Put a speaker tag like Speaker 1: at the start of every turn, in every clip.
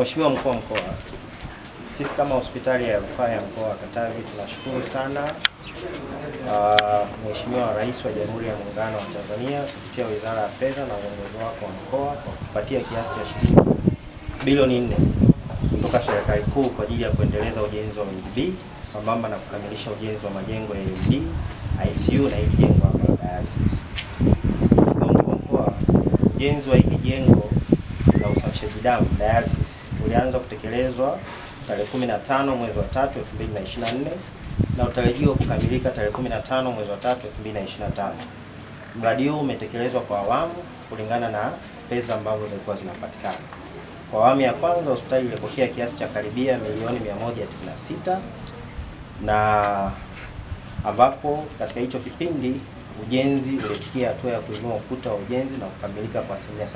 Speaker 1: Mheshimiwa mkuu wa mkoa, sisi kama hospitali ya rufaa ya mkoa wa Katavi tunashukuru sana uh, Mheshimiwa Rais wa Jamhuri ya Muungano wa Tanzania kupitia Wizara ya Fedha na uongozi wako wa mkoa kwa kupatia kiasi cha shilingi bilioni nne kutoka serikali kuu kwa ajili ya kuendeleza ujenzi wa UDB sambamba na kukamilisha ujenzi wa majengo ya UDB, ICU na hili jengo la dialysis. mkuu wa mkoa, ujenzi wa hili jengo la usafishaji damu dialysis ulianza kutekelezwa tarehe 15 mwezi wa 3 2024 na utarajiwa kukamilika tarehe 15 mwezi wa 3 2025. Mradi huu umetekelezwa kwa awamu kulingana na fedha ambazo zilikuwa zinapatikana. Kwa awamu ya kwanza hospitali ilipokea kiasi cha karibia milioni 196 na ambapo katika hicho kipindi ujenzi ulifikia hatua ya kuinua ukuta wa ujenzi na kukamilika kwa asilimia 78.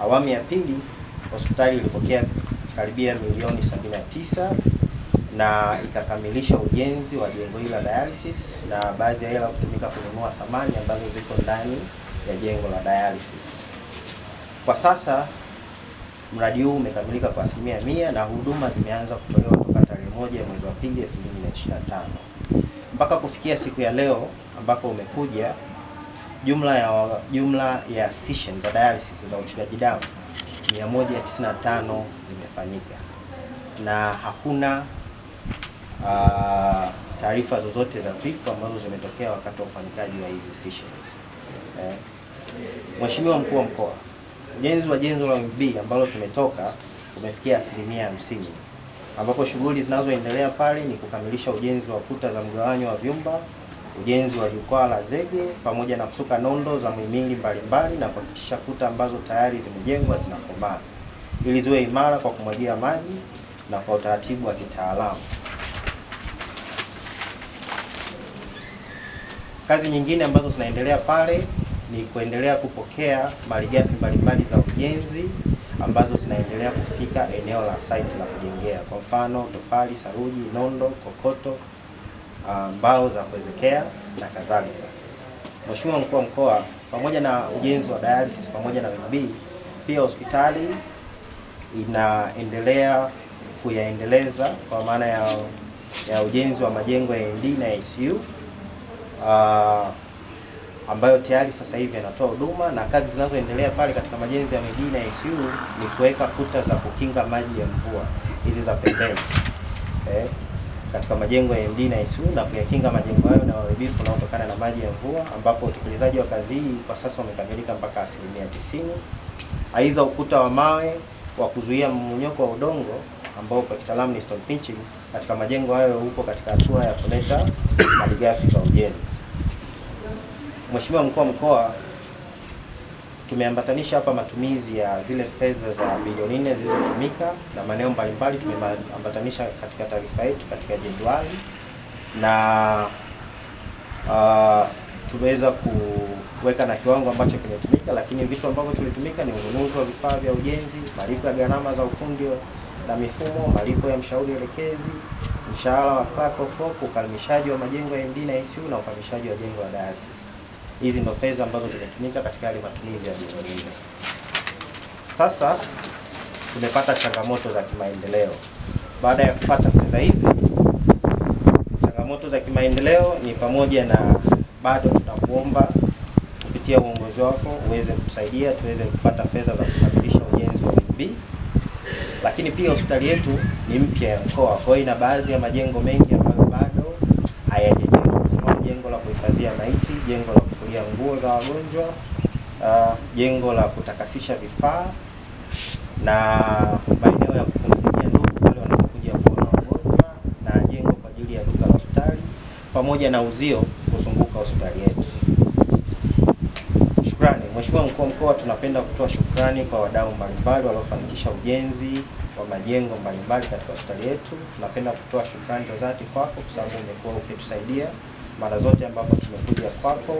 Speaker 1: Awamu ya pili hospitali ilipokea karibia milioni 79 na ikakamilisha ujenzi wa jengo hili la dialysis na baadhi ya hela kutumika kununua samani ambazo ziko ndani ya jengo la dialysis. Kwa sasa mradi huu umekamilika kwa asilimia mia na huduma zimeanza kutolewa kutoka tarehe moja ya mwezi wa pili 2025 mpaka kufikia siku ya leo ambako umekuja, jumla ya, jumla ya sessions za dialysis za uchujaji damu 195 zimefanyika na hakuna uh, taarifa zozote za vifo ambazo zimetokea wakati wa ufanyikaji wa hizi sessions. Eh, Mheshimiwa Mkuu wa Mkoa, ujenzi wa jengo la MB ambalo tumetoka umefikia asilimia hamsini ambapo shughuli zinazoendelea pale ni kukamilisha ujenzi wa kuta za mgawanyo wa vyumba ujenzi wa jukwaa la zege pamoja na kusuka nondo za mimili mbalimbali na kuhakikisha kuta ambazo tayari zimejengwa zinakomaa ili ziwe imara kwa kumwagia maji na kwa utaratibu wa kitaalamu. Kazi nyingine ambazo zinaendelea pale ni kuendelea kupokea malighafi mbalimbali za ujenzi ambazo zinaendelea kufika eneo la site la kujengea, kwa mfano tofali, saruji, nondo, kokoto Uh, mbao za kuwezekea na kadhalika. Mheshimiwa Mkuu wa Mkoa, pamoja na ujenzi wa dialysis pamoja na b pia hospitali inaendelea kuyaendeleza kwa maana ya, ya ujenzi wa majengo ya ND na ICU uh, ambayo tayari sasa hivi yanatoa huduma na kazi zinazoendelea pale katika majenzi ya miji na ICU ni kuweka kuta za kukinga maji ya mvua hizi za pembeni, okay. Eh, katika majengo ya MD na ISU na kuyakinga majengo hayo na uharibifu unaotokana na maji ya mvua, ambapo utekelezaji wa kazi hii kwa sasa umekamilika mpaka asilimia 90 Aidha, ukuta wa mawe wa kuzuia mmonyoko wa udongo ambao kwa kitaalamu ni stone pitching katika majengo hayo huko katika hatua ya kuleta malighafi za ujenzi. Mheshimiwa Mkuu wa Mkoa tumeambatanisha hapa matumizi ya zile fedha za bilioni nne zilizotumika na maeneo mbalimbali, tumeambatanisha katika taarifa yetu katika jedwali na uh, tumeweza kuweka na kiwango ambacho kimetumika, lakini vitu ambavyo tulitumika ni ununuzi wa vifaa vya ujenzi, malipo ya gharama za ufundi na mifumo, malipo ya mshauri elekezi, mshahara wa clerk of ukamilishaji wa majengo ya MD na ICU na ukamilishaji wa jengo la diocese. Hizi ndio fedha ambazo zimetumika katika yale matumizi ya bilioni Sasa tumepata changamoto za kimaendeleo baada ya kupata fedha hizi. Changamoto za kimaendeleo ni pamoja na bado tunakuomba kupitia uongozi wako uweze kutusaidia tuweze kupata fedha za kukamilisha ujenzi wa b lakini pia hospitali yetu ni mpya ya mkoa, kwa hiyo ina baadhi ya majengo mengi ambayo bado hayaje jengo la kuhifadhia maiti, jengo la kufulia nguo za wagonjwa, uh, jengo la kutakasisha vifaa na maeneo ya kupumzikia ndugu wale wanaokuja kuona wagonjwa, na jengo kwa ajili ya duka la hospitali pamoja na uzio kuzunguka hospitali yetu. Shukrani Mheshimiwa Mkuu wa Mkoa, tunapenda kutoa shukrani kwa wadau mbalimbali waliofanikisha ujenzi wa majengo mbalimbali katika hospitali yetu. Tunapenda kutoa shukrani za dhati kwako kwa sababu umekuwa ukitusaidia mara zote ambapo tumekuja kwako,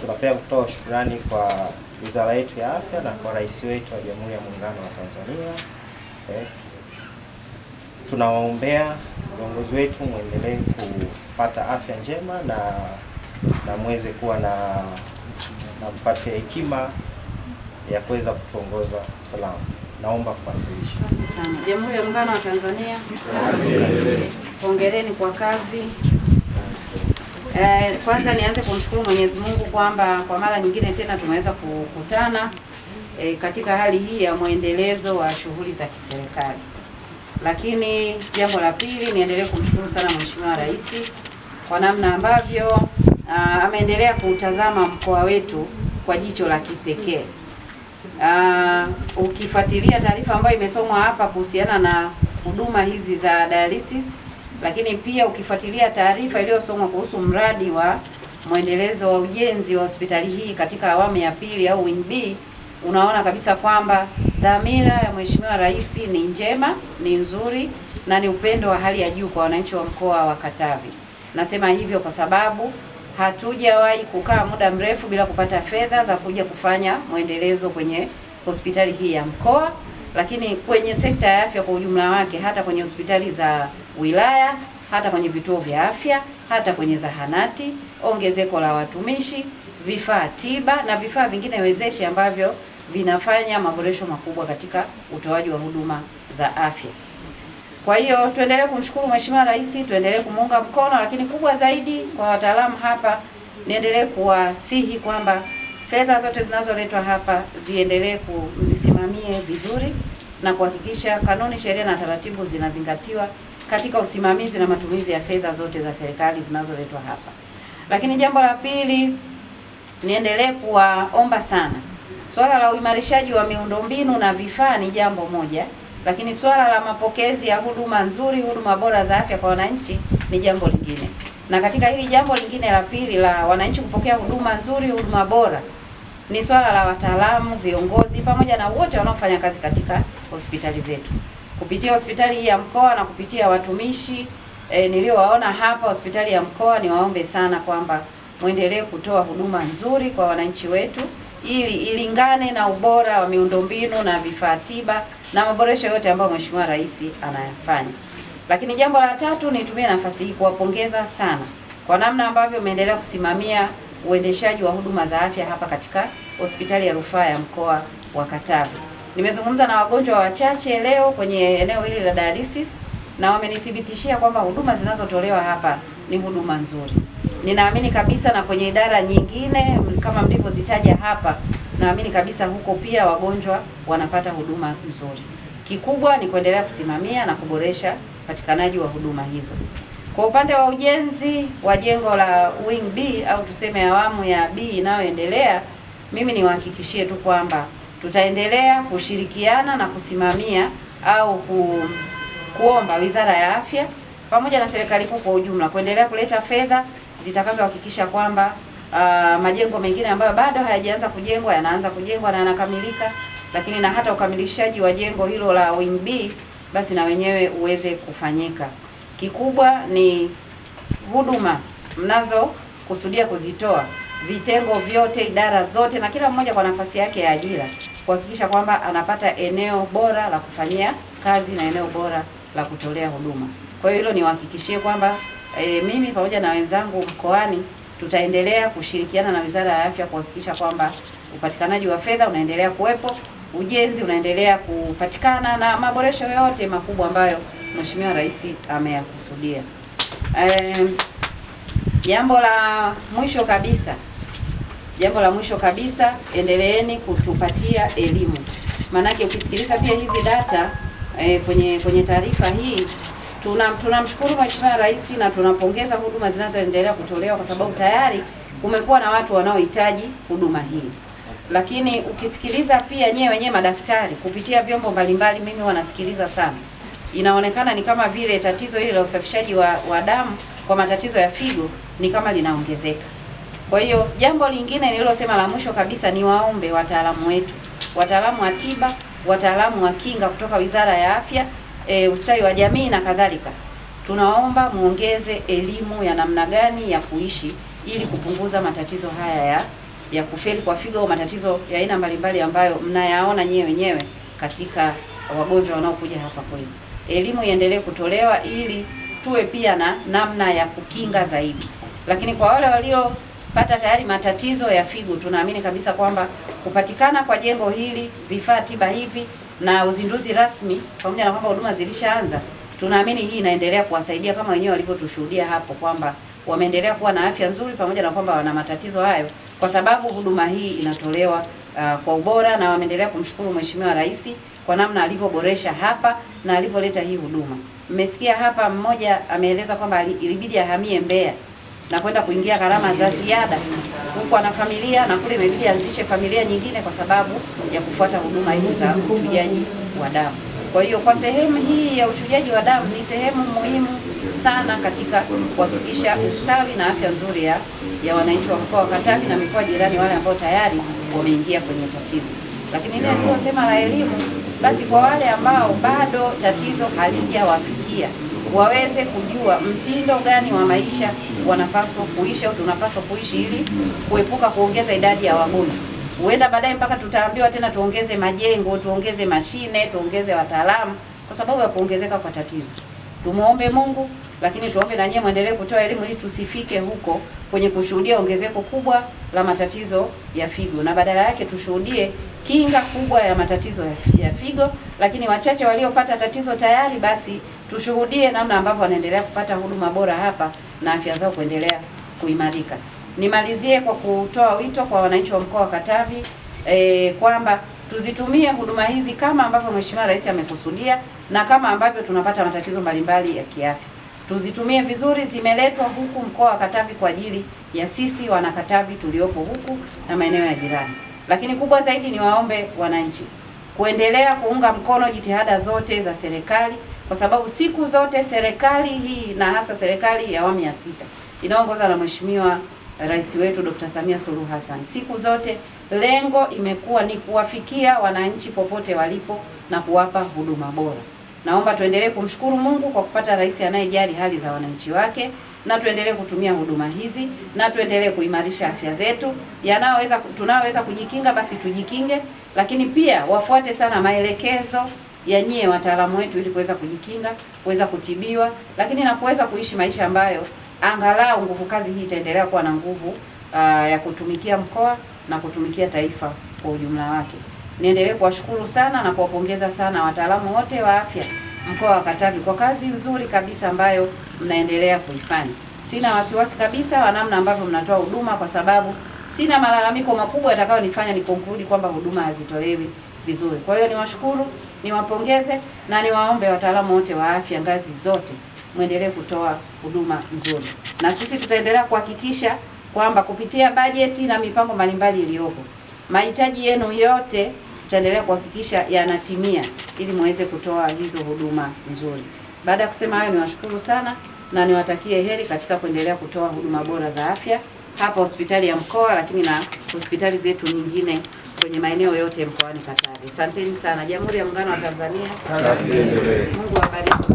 Speaker 1: tunapenda kutoa shukrani kwa wizara yetu ya afya na kwa rais wetu wa Jamhuri ya Muungano wa Tanzania. Eh, tunawaombea viongozi wetu mwendelee kupata afya njema na na muweze kuwa na na mpate hekima ya kuweza kutuongoza salama. Naomba kuwasilisha. Asante sana.
Speaker 2: Jamhuri ya Muungano wa Tanzania. Hongereni kwa kazi. Eh, kwanza nianze kumshukuru Mwenyezi Mungu kwamba kwa mara nyingine tena tumeweza kukutana eh, katika hali hii ya mwendelezo wa shughuli za kiserikali. Lakini jambo la pili, niendelee kumshukuru sana Mheshimiwa Rais kwa namna ambavyo ah, ameendelea kuutazama mkoa wetu kwa jicho la kipekee. Ah, ukifuatilia taarifa ambayo imesomwa hapa kuhusiana na huduma hizi za dialysis lakini pia ukifuatilia taarifa iliyosomwa kuhusu mradi wa mwendelezo wa ujenzi wa hospitali hii katika awamu ya pili au b unaona kabisa kwamba dhamira ya Mheshimiwa Rais ni njema, ni nzuri na ni upendo wa hali ya juu kwa wananchi wa mkoa wa Katavi. Nasema hivyo kwa sababu hatujawahi kukaa muda mrefu bila kupata fedha za kuja kufanya mwendelezo kwenye hospitali hii ya mkoa lakini kwenye sekta ya afya kwa ujumla wake, hata kwenye hospitali za wilaya, hata kwenye vituo vya afya, hata kwenye zahanati, ongezeko la watumishi, vifaa tiba na vifaa vingine wezeshi ambavyo vinafanya maboresho makubwa katika utoaji wa huduma za afya. Kwa hiyo tuendelee kumshukuru Mheshimiwa Rais, tuendelee kumuunga mkono, lakini kubwa zaidi kwa wataalamu hapa, niendelee kuwasihi kwamba fedha zote zinazoletwa hapa ziendelee kumzisimamie vizuri na kuhakikisha kanuni, sheria na taratibu zinazingatiwa katika usimamizi na matumizi ya fedha zote za serikali zinazoletwa hapa. Lakini jambo la pili, niendelee kuwaomba sana, swala la uimarishaji wa miundombinu na vifaa ni jambo moja, lakini swala la mapokezi ya huduma nzuri, huduma bora za afya kwa wananchi ni jambo lingine. Na katika hili jambo lingine la pili la wananchi kupokea huduma nzuri, huduma bora ni swala la wataalamu, viongozi pamoja na wote wanaofanya kazi katika hospitali zetu. Kupitia hospitali hii ya mkoa na kupitia watumishi e, niliowaona hapa hospitali ya mkoa, niwaombe sana kwamba muendelee kutoa huduma nzuri kwa wananchi wetu ili ilingane na ubora wa miundombinu na vifaa tiba na maboresho yote ambayo Mheshimiwa Rais anayafanya. Lakini jambo la tatu, nitumie nafasi hii kuwapongeza sana kwa namna ambavyo umeendelea kusimamia uendeshaji wa huduma za afya hapa katika hospitali ya rufaa ya mkoa wa Katavi. Nimezungumza na wagonjwa wachache leo kwenye eneo hili la dialysis na wamenithibitishia kwamba huduma zinazotolewa hapa ni huduma nzuri. Ninaamini kabisa na kwenye idara nyingine kama mlivyozitaja hapa, naamini kabisa huko pia wagonjwa wanapata huduma nzuri. Kikubwa ni kuendelea kusimamia na kuboresha upatikanaji wa huduma hizo. Kwa upande wa ujenzi wa jengo la wing B au tuseme awamu ya B inayoendelea, mimi niwahakikishie tu kwamba tutaendelea kushirikiana na kusimamia au ku, kuomba Wizara ya Afya pamoja na serikali kuu kwa ujumla kuendelea kuleta fedha zitakazohakikisha kwamba uh, majengo mengine ambayo bado hayajaanza kujengwa yanaanza kujengwa na yanakamilika, lakini na hata ukamilishaji wa jengo hilo la wing B basi na wenyewe uweze kufanyika. Kikubwa ni huduma mnazokusudia kuzitoa vitengo vyote, idara zote, na kila mmoja kwa nafasi yake ya ajira, kuhakikisha kwamba anapata eneo bora la kufanyia kazi na eneo bora la kutolea huduma. Kwa hiyo hilo niwahakikishie kwamba e, mimi pamoja na wenzangu mkoani tutaendelea kushirikiana na Wizara ya Afya kuhakikisha kwamba upatikanaji wa fedha unaendelea kuwepo, ujenzi unaendelea kupatikana na maboresho yote makubwa ambayo Mheshimiwa Rais ameyakusudia. Jambo la mwisho kabisa, jambo la mwisho kabisa, endeleeni kutupatia elimu, maanake ukisikiliza pia hizi data e, kwenye kwenye taarifa hii tunamshukuru tuna Mheshimiwa Rais na tunapongeza huduma zinazoendelea kutolewa kwa sababu tayari kumekuwa na watu wanaohitaji huduma hii, lakini ukisikiliza pia nyewe wenyewe madaktari kupitia vyombo mbalimbali, mimi wanasikiliza sana inaonekana ni kama vile tatizo hili la usafishaji wa, wa damu kwa matatizo ya figo ni kama linaongezeka. Kwa hiyo jambo lingine nililosema la mwisho kabisa ni waombe wataalamu wetu, wataalamu wa tiba, wataalamu wa kinga kutoka Wizara ya Afya, e, ustawi wa jamii na kadhalika, tunaomba muongeze elimu ya namna gani ya kuishi ili kupunguza matatizo haya ya ya kufeli kwa figo au matatizo ya aina mbalimbali ambayo mnayaona nyewe wenyewe katika wagonjwa wanaokuja hapa kwenu elimu iendelee kutolewa ili tuwe pia na namna ya kukinga zaidi. Lakini kwa wale waliopata tayari matatizo ya figo, tunaamini kabisa kwamba kupatikana kwa jengo hili, vifaa tiba hivi na uzinduzi rasmi, pamoja na kwamba huduma zilishaanza, tunaamini hii inaendelea kuwasaidia kama wenyewe walivyotushuhudia hapo kwamba wameendelea kuwa na afya nzuri, pamoja na kwamba wana matatizo hayo, kwa sababu huduma hii inatolewa uh, kwa ubora, na wameendelea kumshukuru Mheshimiwa Rais kwa namna alivyoboresha hapa na alivyoleta hii huduma. Mmesikia hapa mmoja ameeleza kwamba ilibidi ahamie Mbeya na kwenda kuingia gharama za ziada huko na familia na kule imebidi anzishe familia nyingine kwa sababu ya kufuata huduma hizi za uchujaji wa damu. Kwa hiyo kwa sehemu hii ya uchujaji wa damu ni sehemu muhimu sana katika kuhakikisha ustawi na afya nzuri ya, ya wananchi wa mkoa wa Katavi na mikoa jirani, wale ambao tayari wameingia kwenye tatizo. Lakini ile aliyosema la elimu basi kwa wale ambao bado tatizo halijawafikia waweze kujua mtindo gani wa maisha wanapaswa kuishi au tunapaswa kuishi ili kuepuka kuongeza idadi ya wagonjwa. Huenda baadaye mpaka tutaambiwa tena tuongeze majengo, tuongeze mashine, tuongeze wataalamu kwa sababu ya kuongezeka kwa tatizo. Tumuombe Mungu, lakini tuombe na nyie muendelee kutoa elimu ili tusifike huko kwenye kushuhudia ongezeko kubwa la matatizo ya figo na badala yake tushuhudie kinga kubwa ya matatizo ya figo, lakini wachache waliopata tatizo tayari, basi tushuhudie namna ambavyo wanaendelea kupata huduma bora hapa na afya zao kuendelea kuimarika. Nimalizie kwa kutoa wito kwa wananchi wa mkoa wa Katavi e, kwamba tuzitumie huduma hizi kama ambavyo Mheshimiwa Rais amekusudia na kama ambavyo tunapata matatizo mbalimbali ya kiafya tuzitumie vizuri. Zimeletwa huku mkoa wa Katavi kwa ajili ya sisi wanakatavi tuliopo huku na maeneo ya jirani. Lakini kubwa zaidi ni waombe wananchi kuendelea kuunga mkono jitihada zote za serikali, kwa sababu siku zote serikali hii na hasa serikali ya awamu ya sita inaongozwa na Mheshimiwa Rais wetu Dr. Samia Suluhu Hassan, siku zote lengo imekuwa ni kuwafikia wananchi popote walipo na kuwapa huduma bora. Naomba tuendelee kumshukuru Mungu kwa kupata rais anayejali hali za wananchi wake, na tuendelee kutumia huduma hizi, na tuendelee kuimarisha afya zetu. Yanayoweza tunaoweza kujikinga basi tujikinge, lakini pia wafuate sana maelekezo ya nyie wataalamu wetu, ili kuweza kujikinga, kuweza kutibiwa, lakini na kuweza kuishi maisha ambayo angalau nguvu kazi hii itaendelea kuwa na nguvu uh, ya kutumikia mkoa na kutumikia taifa kwa ujumla wake. Niendelee kuwashukuru sana na kuwapongeza sana wataalamu wote wa afya mkoa wa Katavi kwa kazi nzuri kabisa ambayo mnaendelea kuifanya. Sina wasiwasi kabisa wa namna ambavyo mnatoa huduma, kwa sababu sina malalamiko makubwa yatakayonifanya nikonkludi kwamba huduma hazitolewi vizuri. Kwa hiyo niwashukuru, niwapongeze na niwaombe wataalamu wote wa afya ngazi zote mwendelee kutoa huduma nzuri, na sisi tutaendelea kuhakikisha kwamba kupitia bajeti na mipango mbalimbali iliyopo mahitaji yenu yote tutaendelea kuhakikisha yanatimia ili muweze kutoa hizo huduma nzuri. Baada ya kusema hayo, niwashukuru sana na niwatakie heri katika kuendelea kutoa huduma bora za afya hapa hospitali ya mkoa, lakini na hospitali zetu nyingine kwenye maeneo yote mkoani Katavi. Asanteni sana. Jamhuri ya Muungano wa Tanzania.
Speaker 3: Mungu awabariki.